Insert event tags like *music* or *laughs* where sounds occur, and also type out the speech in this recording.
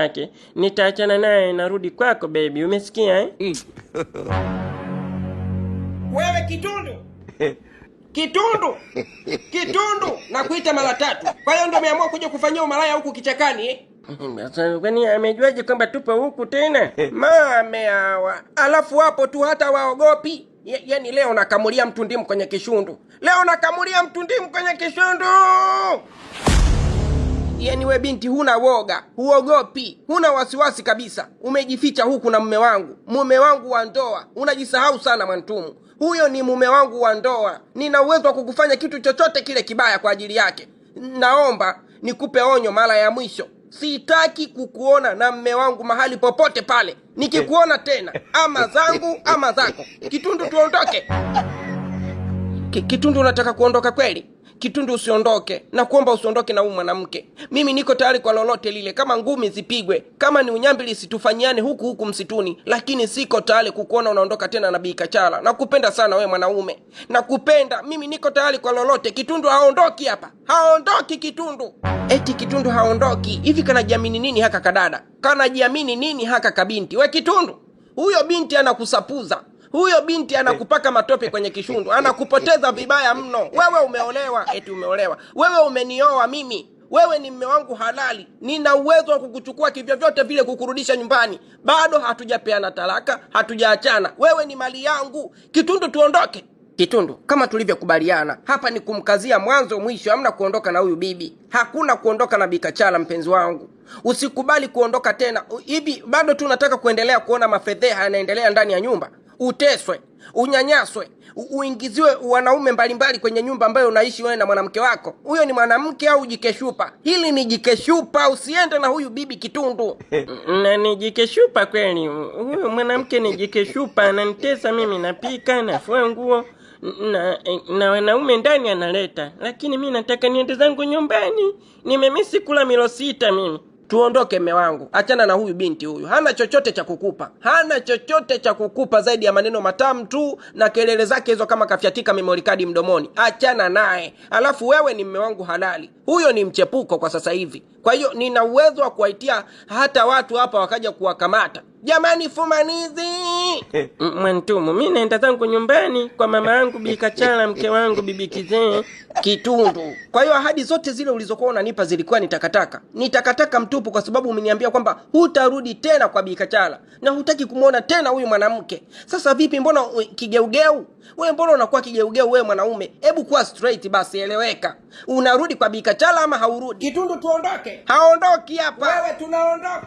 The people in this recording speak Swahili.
yake. Nitaachana naye, narudi kwako baby, umesikia eh? Mm. *laughs* Wewe kitundu kitundu kitundu, nakuita mara tatu. Kwa hiyo ndio umeamua kuja kufanyia umalaya huku kichakani eh? *laughs* Kwani amejuaje kwamba tupo huku tena? *laughs* Mame hawa, alafu wapo tu, hata waogopi. Yaani leo nakamulia mtundimu kwenye kishundu, leo nakamulia mtundimu kwenye kishundu yani we binti huna woga huogopi huna wasiwasi kabisa umejificha huku na mume wangu mume wangu wa ndoa unajisahau sana mwantumu huyo ni mume wangu wa ndoa nina uwezo wa kukufanya kitu chochote kile kibaya kwa ajili yake naomba nikupe onyo mara ya mwisho sitaki kukuona na mme wangu mahali popote pale nikikuona tena ama zangu ama zako kitundu tuondoke kitundu unataka kuondoka kweli Kitundu usiondoke, na kuomba usiondoke na huyu mwanamke. Mimi niko tayari kwa lolote lile, kama ngumi zipigwe, kama ni unyambili situfanyiane huku huku msituni, lakini siko tayari kukuona unaondoka tena na Bikachara. Nakupenda sana wewe mwanaume, nakupenda mimi, niko tayari kwa lolote. Kitundu haondoki hapa, haondoki Kitundu. Eti Kitundu haondoki hivi, kanajiamini nini haka kadada? Kanajiamini nini haka kabinti? We Kitundu, huyo binti anakusapuza huyo binti eh. anakupaka matope kwenye kishundu, anakupoteza vibaya mno. Wewe umeolewa, eti umeolewa wewe, umenioa mimi wewe ni mme wangu halali, nina uwezo wa kukuchukua kivyovyote vile, kukurudisha nyumbani. Bado hatujapeana talaka, hatujaachana. Wewe ni mali yangu. Kitundu, tuondoke Kitundu kama tulivyokubaliana. Hapa ni kumkazia mwanzo mwisho, hamna kuondoka na huyu bibi, hakuna kuondoka na Bikachala. Mpenzi wangu, usikubali kuondoka tena. Hivi bado tu nataka kuendelea kuona mafedheha yanaendelea ndani ya nyumba uteswe, unyanyaswe, uingiziwe wanaume mbalimbali kwenye nyumba ambayo unaishi wewe na mwanamke wako. Huyo ni mwanamke au jikeshupa? Hili ni jikeshupa, usiende na huyu bibi kitundu. *laughs* Na ni jikeshupa kweli, huyu mwanamke ni jikeshupa, ananitesa mimi, napika, nafua nguo na, na wanaume ndani analeta, lakini mi nataka niende zangu nyumbani. Nimemisi kula milo sita mimi tuondoke mme wangu, achana na huyu binti huyu, hana chochote cha kukupa, hana chochote cha kukupa zaidi ya maneno matamu tu na kelele zake hizo, kama kafyatika memory card mdomoni. Achana naye, alafu wewe ni mme wangu halali. Huyo ni mchepuko kwa sasa hivi, kwa hiyo nina uwezo wa kuwaitia hata watu hapa wakaja kuwakamata Jamani, fumanizi *laughs* Mwantumu, mi naenda zangu nyumbani kwa mama yangu Bi Kachala, mke wangu Bibi Kizee Kitundu. Kwa hiyo ahadi zote zile ulizokuwa unanipa zilikuwa ni takataka, ni takataka mtupu, kwa sababu umeniambia kwamba hutarudi tena kwa Bi Kachala na hutaki kumwona tena huyu mwanamke. Sasa vipi? Mbona kigeugeu wewe? Mbona unakuwa kigeugeu wewe mwanaume? Hebu kuwa straight basi, eleweka. Unarudi kwa Bi Kachala ama haurudi? Kitundu, tuondoke. Haondoki hapa. Wewe tunaondoka.